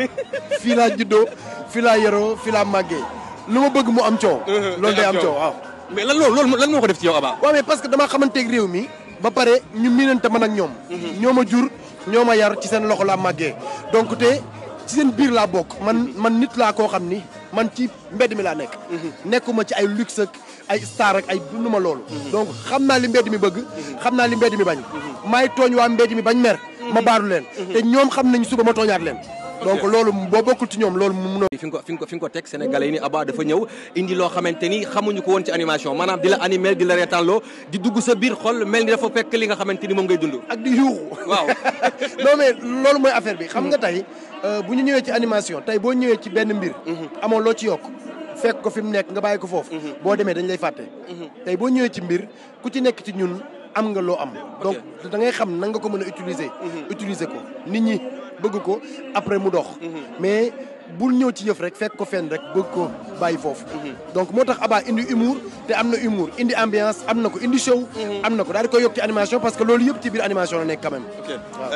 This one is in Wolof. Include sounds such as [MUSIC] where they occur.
[LAUGHS] fii laa juddoo fii laa yaroo fii laa màggee lu ma bëgg mu am coow. [LAUGHS] lool day am coow waaw. mais lan loolu lan moo ko def ci yow Aba. waaw mais parce que damaa xamanteeg réew mi. ba pare ñu miinante man a ñoom. Mhm. ñoo ma jur ñoo ma yar ci seen loxo laa maggee donc te ci seen biir laa bokk. man man nit laa koo xam ni man ci mbedd mi laa nekk. Mhm. nekkuma ci ay luxe ak ay star ak ay dund ma loolu. Mhm. donc xam naa li mbedd mi bëgg. xam naa li mbedd mi bañ. maay tooñ waa mbedd mi bañ mer. ma baaru leen. te ñoom xam nañu suba ma tooñaat leen. donc loolu boo bokkul ci ñoom loolu mënoo fi nga ko fi nga ko ko teg sénégalais yi ni Abba dafa ñëw indi loo xamante ni xamuñu ko woon ci animation maanaam di la animé di la reetaanloo di dugg sa biir xol mel ni dafa fekk li nga xamante ni moom ngay dund ak di yuuxu [LAUGHS] loolu mooy affaire bi xam nga tey euh, bu ñu ñëwee ci animation tey boo ñëwee ci benn mbir mhm. amoon loo ci yokk fekk ko fi mu nekk nga bàyyi ko foofu mhm. boo demee dañ lay fàtte mhm. tey boo ñëwee ci mbir ku ci nekk ci ñun am am. donc da ngay xam nga ko utiliser. Mhm. utiliser ko nit ñi ko après mu dox. Mhm. mais bul ñëw ci yëf rek fekk ko fenn rek ko mhm. donc il tax Abba indi humour te humour indi ambiance indi show. am ko daal di koy animation parce que loolu yëpp ci biir animation quand même.